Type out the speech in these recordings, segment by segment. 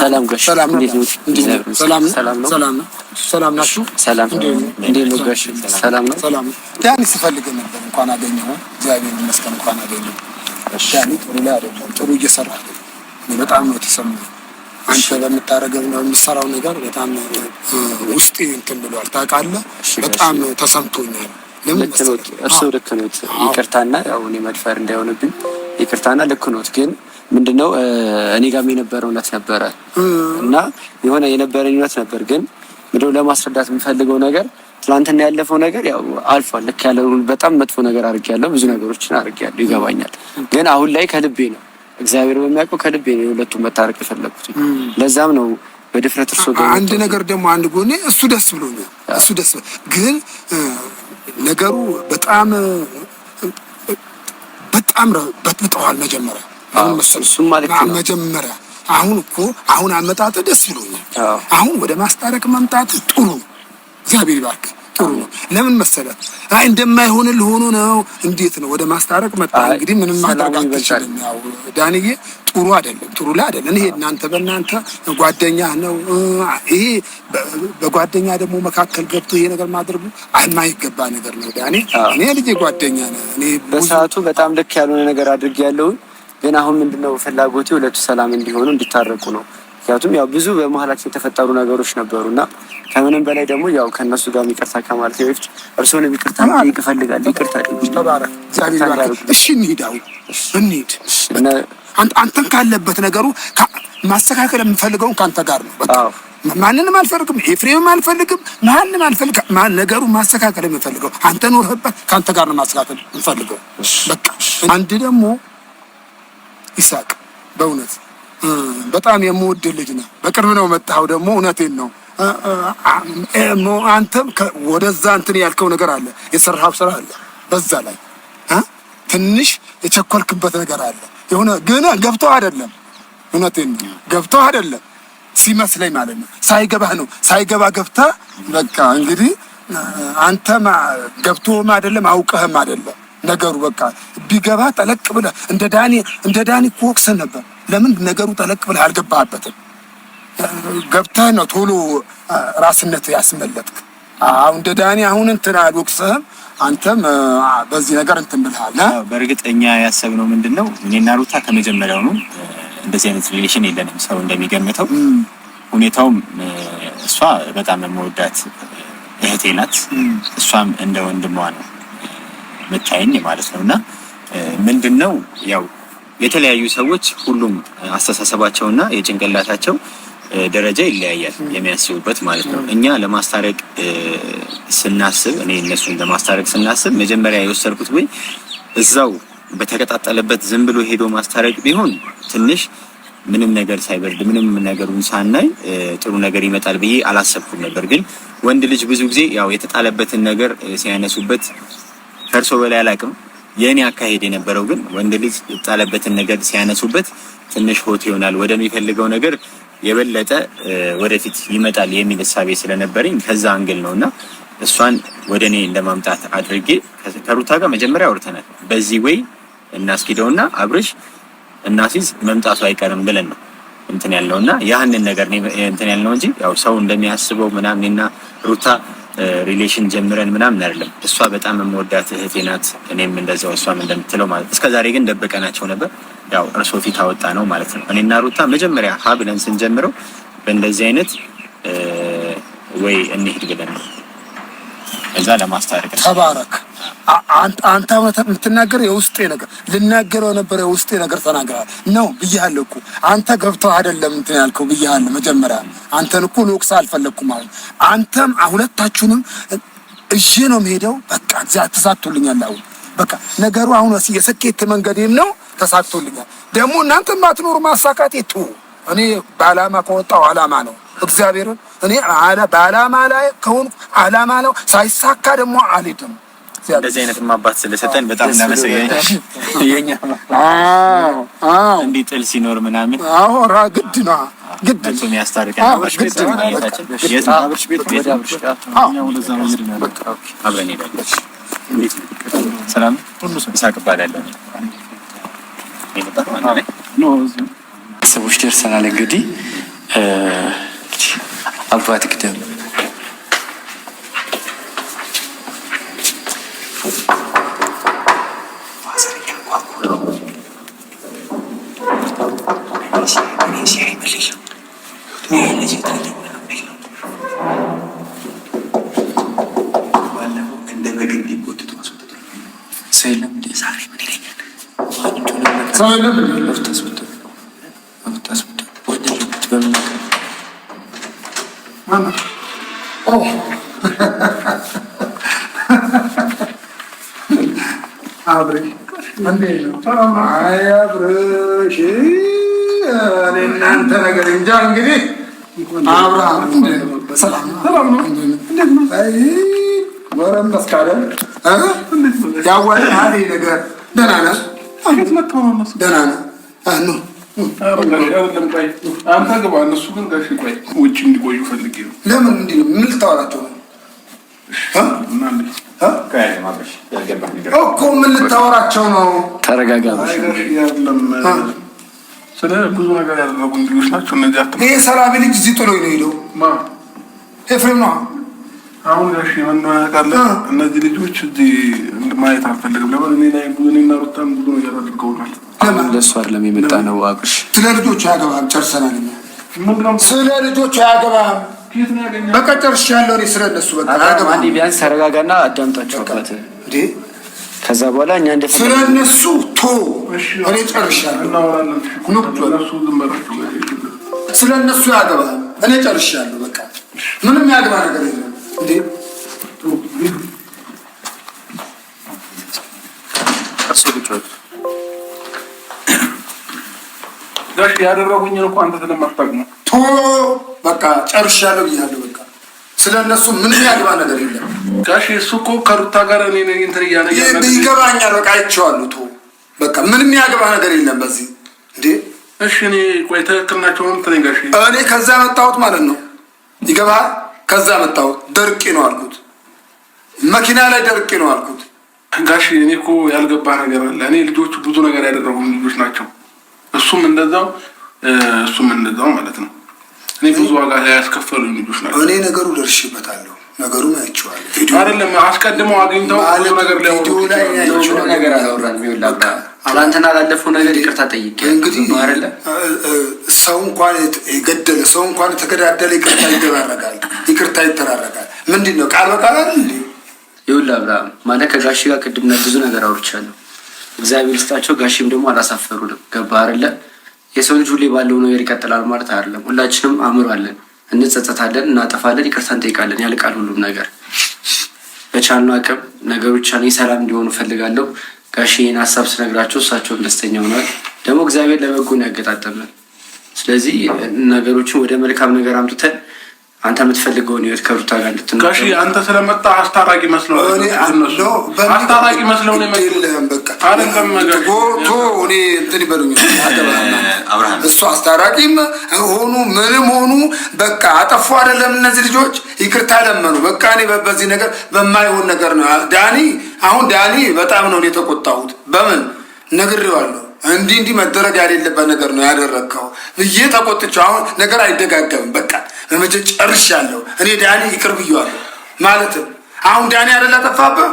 ሰላም ጋሽ እንዴት ነው? ሰላም ሰላም ናችሁ? ሰላም እንዴት ነው ጋሽ? ሰላም ነው? ዳኒ ስፈልግ ነበር። እንኳን አገኘሁ። እግዚአብሔር ይመስገን እንኳን አገኘሁ። ዳኒ ጥሩ ላይ አይደለም፣ ጥሩ እየሰራ በጣም ነው የተሰማኝ። አንተ በምታረገው ነው የምትሰራው ነገር በጣም ውስጤ እንትን ብሏል። ታውቃለህ፣ በጣም ተሰምቶኛል። ልክ ነው። እርስዎ ልክ ነው። ይቅርታና ያው እኔ መድፈር እንዳይሆንብኝ ይቅርታና ልክ ነው ግን ነው እኔ ጋም የነበረ እውነት ነበረ እና የሆነ የነበረኝ እውነት ነበር። ግን ምንድነው ለማስረዳት የምፈልገው ነገር ትላንትና ያለፈው ነገር ያው አልፏል። ልክ ያለ በጣም መጥፎ ነገር አድርጌያለሁ፣ ብዙ ነገሮችን አድርጌያለሁ፣ ይገባኛል። ግን አሁን ላይ ከልቤ ነው፣ እግዚአብሔር በሚያውቀው ከልቤ ነው የሁለቱም መታረቅ የፈለጉት። ለዛም ነው በድፍረት እርሶ አንድ ነገር ደግሞ አንድ ጎኔ እሱ ደስ ብሎ እሱ ደስ ግን ነገሩ በጣም በጣም በጥብጠዋል መጀመሪያ መጀመሪያ አሁን እኮ አሁን አመጣጥ ደስ ይሉኛል። አሁን ወደ ማስታረቅ መምጣት ጥሩ እግዚአብሔር ባክ ጥሩ ነው። ለምን መሰለህ? አይ እንደማይሆንልህ ሆኖ ነው። እንዴት ነው ወደ ማስታረቅ መጣ። እንግዲህ ምንም ማድረግ አትችልም። ያው ዳንዬ ጥሩ አይደለም፣ ጥሩ ላይ አይደለም። ይሄ እናንተ በእናንተ ጓደኛ ነው። ይሄ በጓደኛ ደግሞ መካከል ገብቶ ይሄ ነገር ማድረጉ የማይገባ ነገር ነው። ዳኔ እኔ ልጄ ጓደኛ ነህ። እኔ በሰዓቱ በጣም ልክ ያልሆነ ነገር አድርጌያለሁ። ግን አሁን ምንድነው ፍላጎቴ ሁለቱ ሰላም እንዲሆኑ እንዲታረቁ ነው። ምክንያቱም ያው ብዙ በመሀላችን የተፈጠሩ ነገሮች ነበሩ እና ከምንም በላይ ደግሞ ያው ከእነሱ ጋር ይቅርታ ከማለት በፊት እርስዎን ይቅርታ ይፈልጋል። ይቅርታ እሺ፣ እንሂድ አሁን እንሂድ። አንተን ካለበት ነገሩ ማስተካከል የምፈልገውን ከአንተ ጋር ነው። ማንንም አልፈልግም፣ ኤፍሬምም አልፈልግም፣ ማንም አልፈልግም። ነገሩ ማስተካከል የምፈልገው አንተ ኖርህበት ከአንተ ጋር ነው ማስተካከል የምፈልገው። በቃ አንድ ደግሞ ይሳቅ በእውነት በጣም የምወድ ልጅ ነው። በቅርብ ነው መጣኸው፣ ደግሞ እውነቴን ነው። አንተም ወደዛ እንትን ያልከው ነገር አለ፣ የሰራኸው ስራ አለ፣ በዛ ላይ ትንሽ የቸኮልክበት ነገር አለ። የሆነ ግን ገብቶ አይደለም፣ እውነቴን ነው፣ ገብቶ አይደለም ሲመስለኝ ማለት ነው። ሳይገባህ ነው፣ ሳይገባ ገብታ በቃ እንግዲህ አንተም ገብቶም አይደለም አውቀህም አይደለም ነገሩ በቃ ቢገባ ጠለቅ ብለ እንደ ዳኒ እንደ ዳኒ ኮክስህ ነበር። ለምን ነገሩ ጠለቅ ብለ አልገባበትም? ገብተ ነው ቶሎ ራስነት ያስመለጥክ። አሁን እንደ ዳኒ አሁን እንትን አልወቅስህም። አንተም በዚህ ነገር እንትን ብልሃል። በእርግጥ ያሰብነው ምንድን ነው እኔና ሩታ ከመጀመሪያው ነው እንደዚህ አይነት ሪሌሽን የለንም። ሰው እንደሚገምተው ሁኔታውም እሷ በጣም የምወዳት እህቴ ናት። እሷም እንደ ወንድሟ ነው መቃየን ማለት ነው እና ምንድን ነው ያው የተለያዩ ሰዎች ሁሉም አስተሳሰባቸውና የጭንቅላታቸው ደረጃ ይለያያል፣ የሚያስቡበት ማለት ነው። እኛ ለማስታረቅ ስናስብ፣ እኔ እነሱን ለማስታረቅ ስናስብ መጀመሪያ የወሰድኩት ወይ እዛው በተቀጣጠለበት ዝም ብሎ ሄዶ ማስታረቅ ቢሆን ትንሽ ምንም ነገር ሳይበርድ ምንም ነገሩን ሳናይ ጥሩ ነገር ይመጣል ብዬ አላሰብኩም ነበር። ግን ወንድ ልጅ ብዙ ጊዜ ያው የተጣለበትን ነገር ሲያነሱበት ከእርሶ በላይ አላቅም። የእኔ አካሄድ የነበረው ግን ወንድ ልጅ የጣለበትን ነገር ሲያነሱበት ትንሽ ሆት ይሆናል ወደሚፈልገው ነገር የበለጠ ወደፊት ይመጣል የሚል እሳቤ ስለነበረኝ ከዛ አንግል ነው እና እሷን ወደ እኔ እንደማምጣት አድርጌ ከሩታ ጋር መጀመሪያ አውርተናል። በዚህ ወይ እናስኪደውና አብርሽ እናሲዝ መምጣቱ አይቀርም ብለን ነው እንትን ያልነው እና ያህንን ነገር እንትን ያልነው እንጂ ያው ሰው እንደሚያስበው ምናምንና ሩታ ሪሌሽን ጀምረን ምናምን አይደለም። እሷ በጣም የምወዳት እህቴ ናት፣ እኔም እንደዚያው እሷም እንደምትለው ማለት እስከ እስከዛሬ ግን ደብቀናቸው ነበር። ያው እርሶ ፊት አወጣ ነው ማለት ነው። እኔና ሩታ መጀመሪያ ሀ ብለን ስንጀምረው በእንደዚህ አይነት ወይ እንሄድ ብለን እዛ ለማስታረቅ ተባረክ አንተ የምትናገር የውስጤ ነገር ልናገረው ነበር። የውስጤ ነገር ተናግራል ነው ብያለሁ እኮ አንተ ገብተው አይደለም እንትን ያልከው ብያለሁ። መጀመሪያ አንተን እኮ ልወቅስህ አልፈለግኩም ማለት አንተም ሁለታችሁንም እዤ ነው የምሄደው። በቃ እግዚአብሔር ተሳክቶልኛል። አሁን በቃ ነገሩ አሁን የስኬት መንገዴም ነው ተሳክቶልኛል። ደግሞ እናንተ ማትኖሩ ማሳካቴ ቱ እኔ በዓላማ ከወጣው አላማ ነው እግዚአብሔርን እኔ በዓላማ ላይ ከሆንኩ አላማ ነው ሳይሳካ ደግሞ አልሄድም። እንደዚህ አይነት ማባት ስለሰጠን በጣም እናመሰግናለን። የኛ እንዲ ጥል ሲኖር ምናምን ራ ግድ ነው ግድ የሚያስታርቀን አብርሽ ቤት አብረን ሰላም ደርሰናል። እንግዲህ አባት ግደም Sana ne böyle laf tasbıtı? Laf tasbıtı. Bu ne gitti ben bakarım. Ana. Oh. Abri. Anneyim. Tamam. Ay abri. Şey. Ninnan tana garin can gidi. Abraham. Selam. Selam. Ay. Varan nasıl kalem? Ha? Ya var hadi ne kadar. Denana. እንዴት መጣሁ ነው? ደህና ነህ? አንተ ግባ፣ እነሱ ግን ጋሽ ቆይ፣ ውጭ እንዲቆዩ ፈልጌ ነው። ለምን እንዲህ ነው? ምን ልታወራቸው ነው እኮ? ምን ልታወራቸው ነው? ተረጋጋ። ስለ ብዙ ነገር ያደረጉ እንዲዎች ናቸው እነዚህ። ይሄ ሰላቢ ልጅ እዚህ ጥሎኝ ነው የሄደው ኤፍሬም ነው አሁን ጋሽ የመናቃለ እነዚህ ልጆች እዚህ ማየት አልፈልግም። ለምን እኔ ላይ ብዙ እኔና በጣም ብዙ ነገር አድርገውናል። ለምን ለሱ አይደለም የመጣ ነው። አቅሽ ስለ ልጆቹ አያገባም። ጨርሰናል። ስለ ልጆቹ አያገባም። በቃ ጨርሽ ያለው እኔ ስለ እነሱ በቃ አያገባም። አንዴ ቢያንስ ተረጋጋና አዳምጣቸው። አባት እንዴ ከዛ በኋላ እኛ እንደ ስለ እነሱ ቶ እኔ ጨርሻለሁ። ስለ እነሱ አያገባም። እኔ ጨርሻለሁ። በቃ ምንም ያገባ ነገር የለም። ያደረጉኝን እኮ አንተ ስለማታውቅ ነው። ቶሎ በቃ ጨርሻለሁ ብያለሁ። በቃ ስለ እነሱ ምንም ያግባ ነገር የለም። ጋሽ እሱ እኮ ከሩታ ጋር እኔ እንትን እያለ ይገባኛል። በቃ አይቼዋለሁ። ቶ በቃ ምንም ያግባ ነገር የለም። በዚህ እንዴ እሺ፣ እኔ ቆይ ትክክል ናቸው ነው ምትለኝ ጋሽ? እኔ ከዛ መጣሁት ማለት ነው። ይገባል ከዛ መጣሁት ደርቄ ነው አልኩት። መኪና ላይ ደርቄ ነው አልኩት። ጋሽ እኔ እኮ ያልገባ ነገር አለ። እኔ ልጆቹ ብዙ ነገር ያደረጉ ልጆች ናቸው። እሱም እንደዛው እሱም እንደዛው ማለት ነው። እኔ ብዙ ዋጋ ያስከፈሉ ልጆች ናቸው። እኔ ነገሩ ደርሼበታለሁ። ነገሩን አይቼዋለሁ። አይደለም አስቀድመው አግኝተው ነገር ላይ ነገር አላወራንም ትናንትና ላለፈው ነገር ይቅርታ ጠይቄ እንግዲህ አይደለ? ሰው እንኳን የገደለ ሰው እንኳን የተገዳደለ ይቅርታ ይደራረጋል፣ ይቅርታ ይተራረጋል። ምንድን ነው ቃል በቃል እንዲ ይውላ አብርሃም ማለት ከጋሽ ጋር ቅድምና ብዙ ነገር አውርቻለሁ። እግዚአብሔር ይስጣቸው። ጋሽም ደግሞ አላሳፈሩንም። ገባ አይደለ? የሰው ልጅ ሁሌ ባለው ነገር ይቀጥላል ማለት አይደለም። ሁላችንም አእምሮ አለን፣ እንጸጸታለን፣ እናጠፋለን፣ ይቅርታ እንጠይቃለን። ያልቃል ሁሉም ነገር። በቻልነው አቅም ነገሮች ሰላም እንዲሆኑ እፈልጋለሁ። ጋሽ ይህን ሀሳብ ስነግራቸው እሳቸውም ደስተኛ ሆናል። ደግሞ እግዚአብሔር ለበጎን ነው ያገጣጠመን። ስለዚህ ነገሮችን ወደ መልካም ነገር አምጥተን አንተ የምትፈልገውን ህይወት ከሩታ ጋር እንድትኖር አንተ ስለመጣ አስታራቂ መስለው አስታራቂ እኔ እንትን ይበሉኝ። እሱ አስታራቂም ሆኑ ምንም ሆኑ በቃ አጠፉ አይደለም። እነዚህ ልጆች ይቅርታ ለመኑ። በቃ እኔ በዚህ ነገር በማይሆን ነገር ነው ዳኒ። አሁን ዳኒ በጣም ነው የተቆጣሁት። በምን ነግሬዋለሁ እንዲህ እንዲህ መደረግ ያሌለበት ነገር ነው ያደረግከው ብዬ ተቆጥቼው፣ አሁን ነገር አይደጋገም በቃ ጨርሽ ያለው እኔ ዳኒ ይቅር ብዬዋለሁ። ማለት አሁን ዳኒ አይደል ያጠፋብህ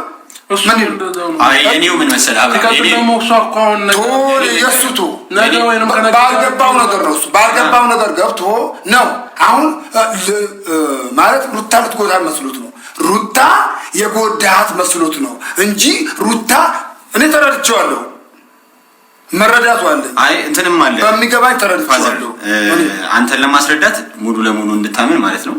ባልገባው ነገር ገብቶ ነው አሁን ማለት ሩታ ልትጎዳ መስሎት ነው ሩታ መስሎት ነው እንጂ ሩታ እኔ ተረድቼዋለሁ መረዳቱ አለ። አይ እንትንም አለ በሚገባኝ ተረድቻለሁ። አንተን ለማስረዳት ሙሉ ለሙሉ እንድታምን ማለት ነው።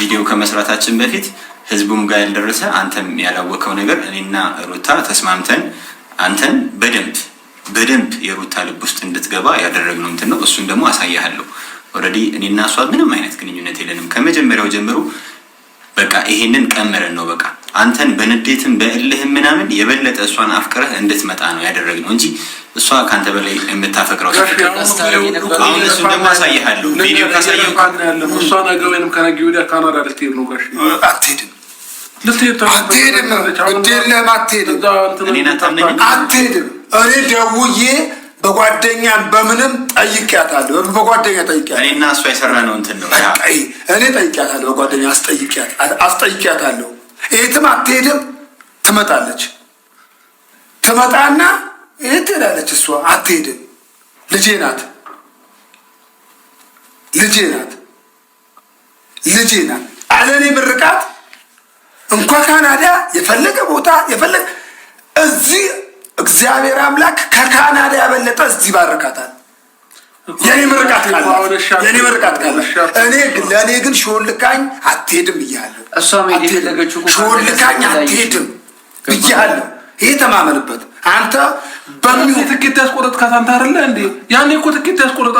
ቪዲዮ ከመስራታችን በፊት ህዝቡም ጋር ያልደረሰ አንተም ያላወቀው ነገር እኔና ሩታ ተስማምተን አንተን በደንብ በደንብ የሩታ ልብ ውስጥ እንድትገባ ያደረግነው እንትን ነው። እሱን ደግሞ አሳያለሁ። ኦልሬዲ እኔና እሷ ምንም አይነት ግንኙነት የለንም ከመጀመሪያው ጀምሮ በቃ ይሄንን ቀመረን ነው በቃ አንተን በንዴትም በእልህም ምናምን የበለጠ እሷን አፍቅረህ እንድትመጣ ነው ያደረግነው እንጂ እሷ ከአንተ በላይ የምታፈቅረው አሁን እሱ ደግሞ አሳይሃለሁ። ቪዲዮ ካሳየው እሷ ነገ ወይም ከነገ ወዲያ ካናዳ ልትሄድ ነው ጋሽ አትሄድም፣ አትሄድም፣ አትሄድም። እኔ ደውዬ በጓደኛን በምንም ጠይቂያታለሁ። በጓደኛ ጠይቂያታለሁ። እኔና እሷ የሰራ ነው እንትን ነው። እኔ ጠይቂያታለሁ፣ በጓደኛ አስጠይቂያታለሁ። የትም አትሄድም፣ ትመጣለች። ትመጣና የት ትሄዳለች? እሷ አትሄድም። ልጄ ናት፣ ልጄ ናት፣ ልጄ ናት። አለኔ ምርቃት እንኳ ካናዳ የፈለገ ቦታ የፈለገ እዚህ እግዚአብሔር አምላክ ከካናዳ ያበለጠ እዚህ ይባርካታል። የኔ ምርቃት ካለ የኔ ምርቃት ካለ እኔ ለእኔ ግን ሾልካኝ አትሄድም እያለሁ ሾልካኝ አትሄድም እያለሁ ይህ ተማመንበት። አንተ በሚሆን ትኬት ያስቆረጥ አንተ አለ እንዴ? ያኔ እኮ ትኬት ያስቆረጣ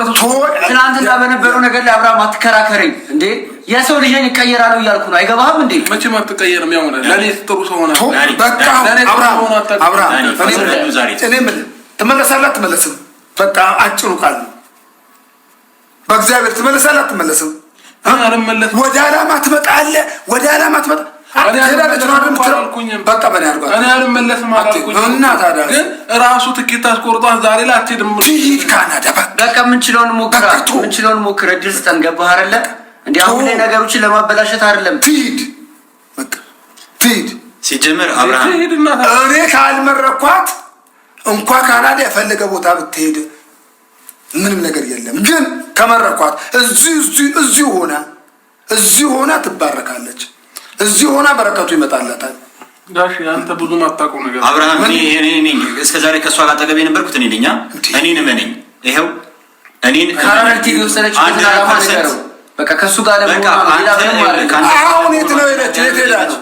ትናንትና በነበረው ነገር ላይ አብርሃም አትከራከረኝ እንዴ የሰው ልጅን ይቀየራሉ እያልኩ ነው። አይገባህም እንዴ? መቼም አትቀየርም። ያው ለእኔ ጥሩ ሰው ሆነ። በቃ እኔ ምን ትመለሳለህ አትመለስም? በቃ አጭሩ ቃል በእግዚአብሔር ትመለሳለህ አትመለስም? ወደ አላማ ትመጣለህ፣ ወደ አላማ ትመጣ ግን ራሱ ትኬት አስቆርጧት ዛሬ ላይ አትሄድም። በቃ ምንችለውን ሞክር፣ ምንችለውን ሞክር። እድል ስጠን። ገባህ አይደለ እንዲህ አሁን ላይ ነገሮችን ለማበላሸት አይደለም። ትሂድ ትሂድ። ሲጀምር አብርሃም እኔ ካልመረኳት እንኳ ካናዳ የፈለገ ቦታ ብትሄድ ምንም ነገር የለም። ግን ከመረኳት እዚሁ ሆና እዚሁ ሆና ትባረካለች። እዚሁ ሆና በረከቱ ይመጣላታል። አንተ ብዙ ማታውቀው ነገር አብርሃም፣ እኔ እስከ ዛሬ ከእሷ ጋር አጠገብ የነበርኩት እኔ ነኝ። እኔን እመነኝ። ይኸው እኔን በቃ ከሱ ጋር ደግሞ አሁን የት ነው ሄደች? የት ሄዳለች?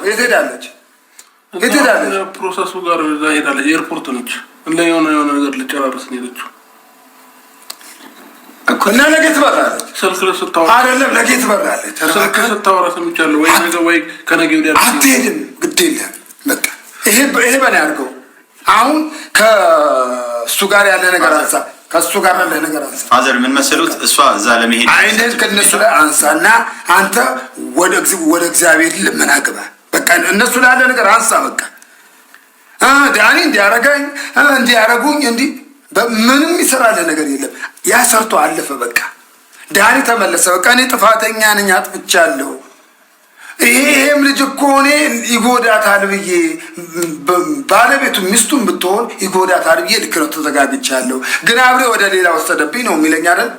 የት ሄዳለች? ፕሮሰሱ ጋር እዛ ሄዳለች። ኤርፖርት ነች እንደ የሆነ የሆነ ነገር ልጨራረስ ነው የሄደችው እና ነገ ትበራለች። ስልክ ስታወራ አይደለም ነገ ትበራለች። ስልክ ስታወራ ሰምቻለሁ። ወይ ነገ ወይ ከነገ ወዲያ አትሄድም። ግድ የለም በቃ ይሄ ይሄ በኔ አድርገው አሁን ከእሱ ጋር ያለ ነገር አሳ ከሱ ጋር ነገር አንሳ። ፋዘር ምን መሰሉት? እሷ እዛ ለመሄድ አይነት ከነሱ ላይ አንሳ እና አንተ ወደ እግዚአብሔር ልመና ግባ። በቃ እነሱ ላይ ያለ ነገር አንሳ። በቃ ዳኒ እንዲያረጋኝ እንዲያረጉኝ እንዲ ምንም ይሰራለ ነገር የለም። ያ ሰርቶ አለፈ። በቃ ዳኒ ተመለሰ። በቃ እኔ ጥፋተኛ ነኝ፣ አጥፍቻለሁ ይሄም ልጅ እኮ እኔ ይጎዳታል ብዬ ባለቤቱ ሚስቱን ብትሆን ይጎዳታል ብዬ ልክ ነው ተዘጋግቻለሁ፣ ግን አብሬ ወደ ሌላ ወሰደብኝ ነው የሚለኝ አይደል?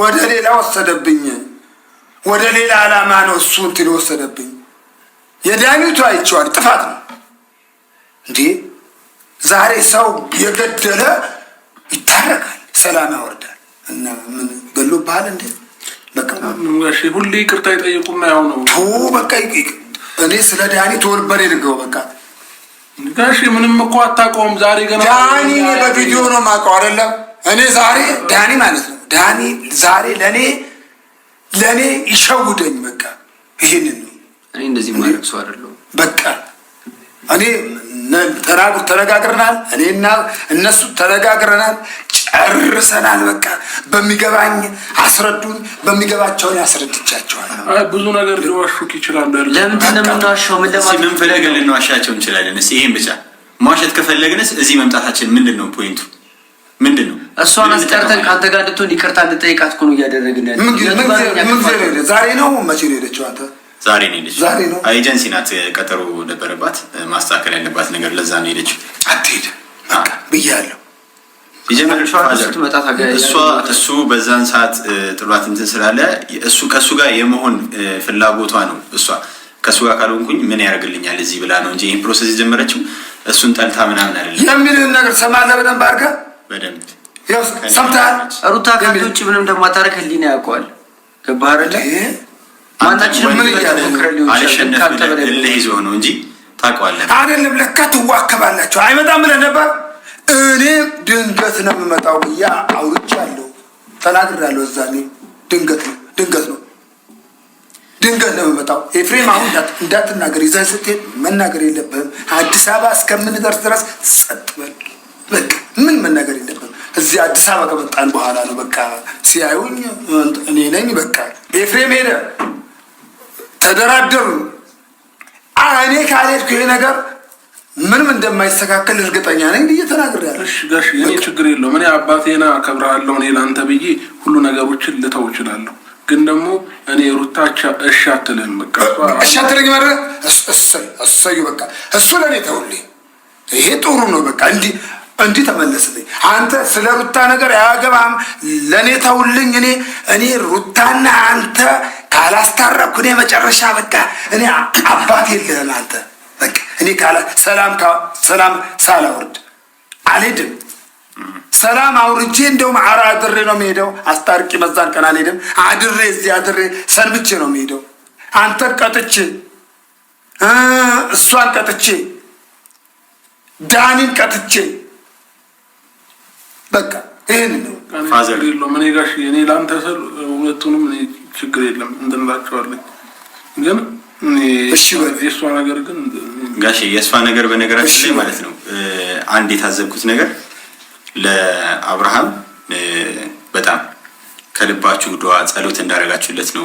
ወደ ሌላ ወሰደብኝ፣ ወደ ሌላ ዓላማ ነው እሱ እንትን ወሰደብኝ። የዳኙቱ አይቼዋለሁ፣ ጥፋት ነው እንዴ! ዛሬ ሰው የገደለ ይታረቃል፣ ሰላም ያወርዳል። እና ምን ባህል እንዴ? ሁሌ ይቅርታ ይጠይቁና ያው ነው። በቃ እኔ ስለ ዳኒ ተወልበር የድገው በቃ ጋሽ ምንም እኮ አታውቀውም። ዛሬ ገና ዳኒ በቪዲዮ ነው የማውቀው አይደለም። እኔ ዛሬ ዳኒ ማለት ነው ዳኒ ዛሬ ለእኔ ለእኔ ይሸውደኝ በቃ ይህንን ነው። እኔ እንደዚህ ማድረግ ሰው አይደለሁም። በቃ እኔ ተናግር ተነጋግረናል። እኔና እነሱ ተነጋግረናል። ጨርሰናል። በቃ በሚገባኝ አስረዱኝ፣ በሚገባቸውን ያስረድቻቸዋል። ብዙ ነገር ሊዋሹክ ይችላሉ። ለምንድን ነው የምንዋሻው? ምን ፈለገን ልንዋሻቸው እንችላለን? እስኪ ይህን ብቻ ማሸት ከፈለግንስ እዚህ መምጣታችን ምንድን ነው ፖይንቱ? ምንድን ነው እሷን አስጠርተን ከአንተ ጋር እንድትሆን ይቅርታ እንድጠይቃት እኮ ነው እያደረግን ያለ። ዛሬ ነው መቼ ነው የሄደችው አንተ? ዛሬ ነው የሄደችው። ኤጀንሲ ናት፣ ቀጠሮ ነበረባት ማስተካከል ያለባት ነገር፣ ለዛ ነው ሄደችው። አትሄድ ብያለሁ እሱ በዛን ሰዓት ጥሏት እንትን ስላለ እሱ ከእሱ ጋር የመሆን ፍላጎቷ ነው። እሷ ከእሱ ጋር ካልሆንኩኝ ምን ያደርግልኛል እዚህ ብላ ነው እንጂ ይህን ፕሮሰስ የጀመረችው እሱን ጠልታ ምናምን አይደለም። የሚልህን ነገር ሰማለህ በደንብ አድርገህ በደንብ ሰምተሃል። ሩታ ከቤት ውጭ ምንም እንደማታደርግ ህሊና ያውቀዋል። ገባህ አይደለ? ማናችንም ምን ይዞ ነው እንጂ ታውቀዋለህ አይደለም። ለካ ትዋከባላችሁ አይመጣም ብለህ ነበር እኔ ድንገት ነው የምመጣው ብዬ አውርቻለሁ፣ ተናግሬያለሁ። እዛ ድንገት ነው ድንገት ነው ድንገት ነው የምመጣው። ኤፍሬም አሁን እንዳትናገር፣ ይዘን ስትሄድ መናገር የለብህም። አዲስ አበባ እስከምንደርስ ድረስ ጸጥ በል። በቃ ምን መናገር የለብህም። እዚህ አዲስ አበባ ከመጣን በኋላ ነው በቃ ሲያዩኝ እኔ ነኝ። በቃ ኤፍሬም ሄደ፣ ተደራደሩ። እኔ ካልሄድኩ ይሄ ነገር ምንም እንደማይስተካከል እርግጠኛ ነኝ ብዬ ተናግሬያለሁ። እሺ ጋሽ እኔ ችግር የለውም እኔ አባቴና ከብርሃለሁ እኔ ለአንተ ብዬ ሁሉ ነገሮችን ልተው እችላለሁ። ግን ደግሞ እኔ ሩታቻ እሺ አትልህም። በቃ እሺ አትልኝ መረ እሰዩ በቃ እሱ ለእኔ ተውልኝ። ይሄ ጥሩ ነው። በቃ እንዲህ እንዲህ ተመለስልኝ። አንተ ስለ ሩታ ነገር አያገባም፣ ለእኔ ተውልኝ። እኔ እኔ ሩታና አንተ ካላስታረኩ እኔ መጨረሻ በቃ እኔ አባት የለህም አንተ እኔ ሰላም ሰላም ሳላውርድ አልሄድም። ሰላም አውርጄ እንደውም አረ አድሬ ነው የሚሄደው። አስታርቂ መዛን ቀን አልሄድም። አድሬ እዚህ አድሬ ሰንብቼ ነው የሚሄደው። አንተ ቀጥቼ እሷን ቀጥቼ ዳኒን ቀጥቼ በቃ ይህን ነው እኔ ጋሽ እኔ ለአንተ ስል ሁለቱንም ችግር የለም እንትን ግን እሺ የእሷ ነገር ግን ጋሼ የእሷ ነገር በነገራችን ላይ ማለት ነው አንድ የታዘብኩት ነገር ለአብርሃም በጣም ከልባችሁ ድዋ ጸሎት እንዳደረጋችሁለት ነው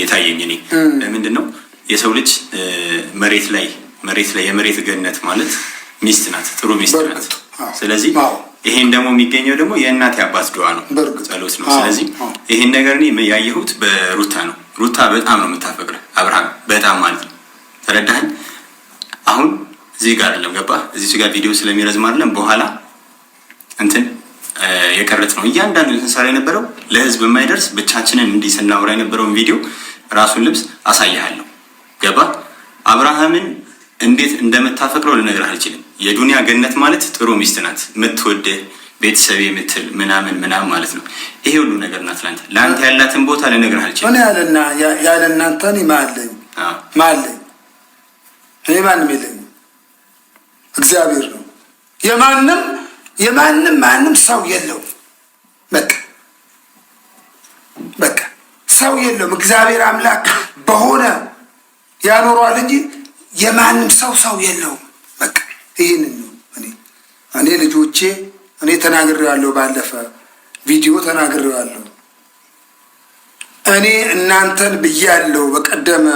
የታየኝ። እኔ ለምንድን ነው የሰው ልጅ መሬት ላይ መሬት ላይ የመሬት ገነት ማለት ሚስት ናት፣ ጥሩ ሚስት ናት። ስለዚህ ይሄን ደግሞ የሚገኘው ደግሞ የእናት የአባት ድዋ ነው፣ ጸሎት ነው። ስለዚህ ይሄን ነገር እኔ ያየሁት በሩታ ነው ሩታ በጣም ነው የምታፈቅረ አብርሃም በጣም ማለት ነው። ተረዳኸኝ? አሁን እዚህ ጋር አይደለም ገባ? እዚህ ጋር ቪዲዮ ስለሚረዝም አይደለም በኋላ እንትን የቀረጽ ነው። እያንዳንዱ ስንሰራ የነበረው ለህዝብ የማይደርስ ብቻችንን እንዲህ ስናወራ የነበረውን ቪዲዮ ራሱን ልብስ አሳይሃለሁ። ገባ አብርሃምን እንዴት እንደምታፈቅረው ልነግርህ አልችልም። የዱንያ ገነት ማለት ጥሩ ሚስት ናት ምትወድህ ቤተሰብ የምትል ምናምን ምናምን ማለት ነው። ይሄ ሁሉ ነገር ናት ለአንተ ያላትን ቦታ ልነግርህ አልችልም። ያለ እናንተ ማለኝ ማለኝ እኔ ማንም የለኝ እግዚአብሔር ነው የማንም የማንም ማንም ሰው የለውም። በቃ በቃ ሰው የለውም። እግዚአብሔር አምላክ በሆነ ያኖሯል እንጂ የማንም ሰው ሰው የለውም። በቃ ይህን ነው እኔ እኔ ልጆቼ እኔ ተናግሬዋለሁ፣ ባለፈ ቪዲዮ ተናግሬዋለሁ። እኔ እናንተን ብያለሁ፣ በቀደመ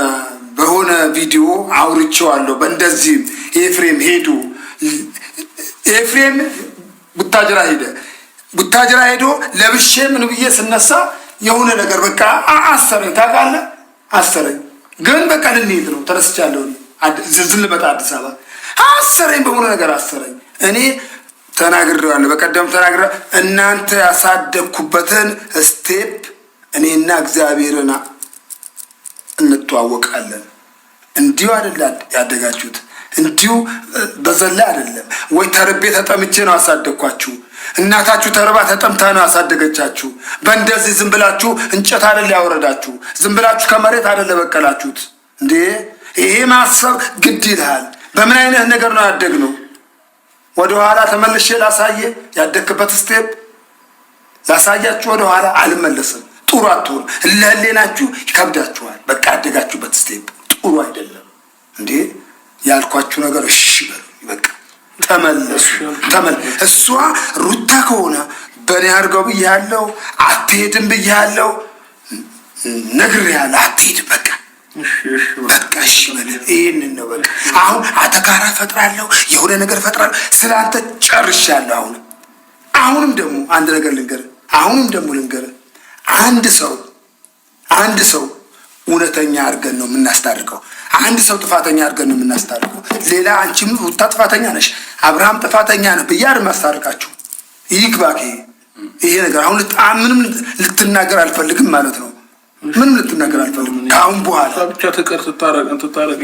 በሆነ ቪዲዮ አውርቼዋለሁ። በእንደዚህም ኤፍሬም ሄዱ፣ ኤፍሬም ቡታጅራ ሄደ፣ ቡታጅራ ሄዶ ለብሼ ምን ብዬ ስነሳ የሆነ ነገር በቃ አሰረኝ፣ ታውቃለህ፣ አሰረኝ። ግን በቃ ልንሄድ ነው ተረስቻለሁ፣ ዝም ልመጣ አዲስ አበባ አሰረኝ፣ በሆነ ነገር አሰረኝ እኔ ተናግሬዋለሁ። በቀደም ተናግረ እናንተ ያሳደግኩበትን ስቴፕ እኔና እግዚአብሔርን እንተዋወቃለን። እንዲሁ አይደለም ያደጋችሁት፣ እንዲሁ በዘላ አይደለም ወይ ተርቤ ተጠምቼ ነው አሳደግኳችሁ። እናታችሁ ተርባ ተጠምታ ነው ያሳደገቻችሁ። በእንደዚህ ዝም ብላችሁ እንጨት አይደለ ያወረዳችሁ፣ ዝም ብላችሁ ከመሬት አይደለ በቀላችሁት። እንዴ ይሄ ማሰብ ግድ ይልሃል። በምን አይነት ነገር ነው ያደግነው? ወደ ኋላ ተመልሼ ላሳየ ያደክበት ስቴፕ ላሳያችሁ። ወደ ኋላ አልመለስም። ጥሩ አትሆኑ። ለህሌናችሁ ይከብዳችኋል። በቃ ያደጋችሁበት ስቴፕ ጥሩ አይደለም። እንዴ ያልኳችሁ ነገር እሺ በሉ። በቃ ተመለሱ። እሷ ሩታ ከሆነ በኔ አድርገው ብያለው፣ አትሄድም ብያለው፣ ነግሬያለሁ፣ አትሄድም በቃ በቃ እሺ በል። ይህንን ነው በቃ አሁን አተካራ ፈጥራለሁ፣ የሆነ ነገር ፈጥራለሁ። ጨርሻ ጨርሻለሁ። አሁን አሁንም ደግሞ አንድ ነገር ልንገር፣ አሁንም ደግሞ ልንገር። አንድ ሰው አንድ ሰው እውነተኛ አድርገን ነው የምናስታርቀው። አንድ ሰው ጥፋተኛ አድርገን ነው የምናስታርቀው። ሌላ አንቺም ሩታ ጥፋተኛ ነሽ፣ አብርሃም ጥፋተኛ ነው ብያር ማስታርቃችሁ ይግባክ ይሄ ነገር አሁን ምንም ልትናገር አልፈልግም ማለት ነው። ምንም ልትናገር አልፈልግም። ከአሁን በኋላ ብቻ ትቀር ትታረቅ።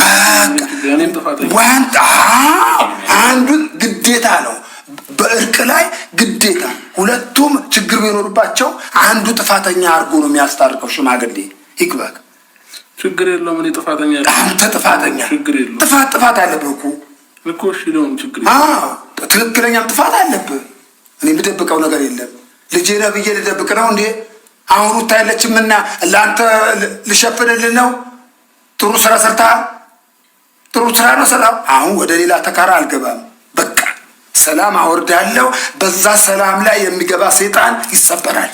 አንዱን ግዴታ ነው በእርቅ ላይ ግዴታ ሁለቱም ችግር ቢኖርባቸው አንዱ ጥፋተኛ አድርጎ ነው የሚያስታርቀው ሽማግሌ ይግባክ። ችግር የለውም እኔ ጥፋተኛ አንተ ጥፋተኛ ችግር ጥፋት ጥፋት አለብህ እኮ እኮ ትክክለኛም ጥፋት አለብህ። እኔ የምደብቀው ነገር የለም። ልጄ ነህ ብዬ ልደብቅ ነው እንዴ? አሁን ሩታ የለችምና ለአንተ ልሸፍንልን ነው። ጥሩ ስራ ሰርታ ጥሩ ስራ ነው ሰራ። አሁን ወደ ሌላ ተካራ አልገባም። በቃ ሰላም አወርዳለሁ። በዛ ሰላም ላይ የሚገባ ሴጣን ይሰበራል።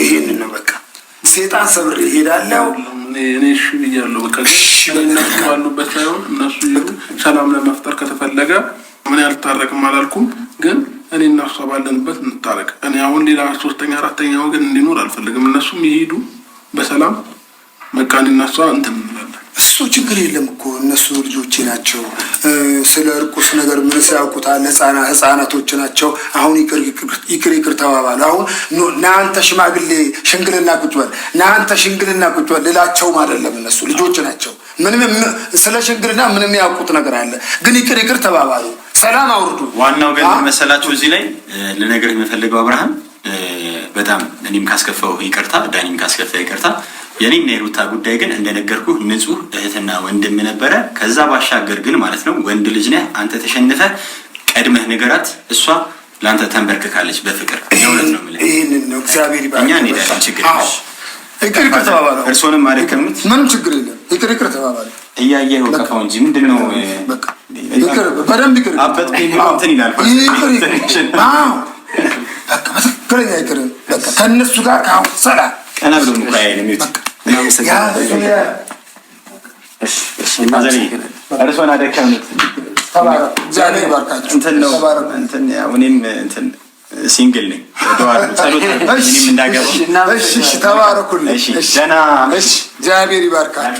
ይህን ነው በቃ ሴጣን ሰብር ይሄዳለው። እኔ እሺ ብያለሁ። በቃ ባሉበት ሳይሆን እነሱ ሰላም ለመፍጠር ከተፈለገ ምን ያልታረቅም አላልኩም፣ ግን እኔ እና ባለንበት እንታረቅ። እኔ አሁን ሌላ ሶስተኛ አራተኛ ወገን እንዲኖር አልፈልግም። እነሱም ይሄዱ በሰላም በቃ እኔ እንትን እንላለን። እሱ ችግር የለም እኮ እነሱ ልጆቼ ናቸው። ስለ እርቁስ ነገር ምን ሲያውቁታል? ህፃናቶች ናቸው። አሁን ይቅር ይቅር ተባባሉ። አሁን ናንተ ሽማግሌ ሽንግልና ቁጭ በል ናንተ ሽንግልና ቁጭ በል ልላቸውም አይደለም። እነሱ ልጆች ናቸው። ምንም ስለ ሽንግልና ምንም ያውቁት ነገር አለ፣ ግን ይቅር ይቅር ተባባሉ። ሰላም አውርዱ። ዋናው ግን መሰላችሁ እዚህ ላይ ልነግርህ የምፈልገው አብርሃም፣ በጣም እኔም ካስከፋው ይቅርታ፣ ዳኒም ካስከፋ ይቅርታ። የኔና የሩታ ጉዳይ ግን እንደነገርኩ ንጹህ እህትና ወንድም ነበረ። ከዛ ባሻገር ግን ማለት ነው ወንድ ልጅ ነህ አንተ ተሸንፈ ቀድመህ ንገራት። እሷ ለአንተ ተንበርክካለች በፍቅር ነውነት ነው ምለ እኛ እንሄዳለን። ችግር እርሶንም ማለት ከምት ምንም ችግር የለም ይቅር ይቅር ተባባል። እያየ ነው እንጂ ምንድን ነው በደንብ ይቅር ትክክለኛ ይቅር ከእነሱ ጋር ከአሁን ሰላም ቀና ብሎ እርሶን አደካምነት ሲንግል ነኝ። ተባረኩልኝ። እግዚአብሔር ይባርካል።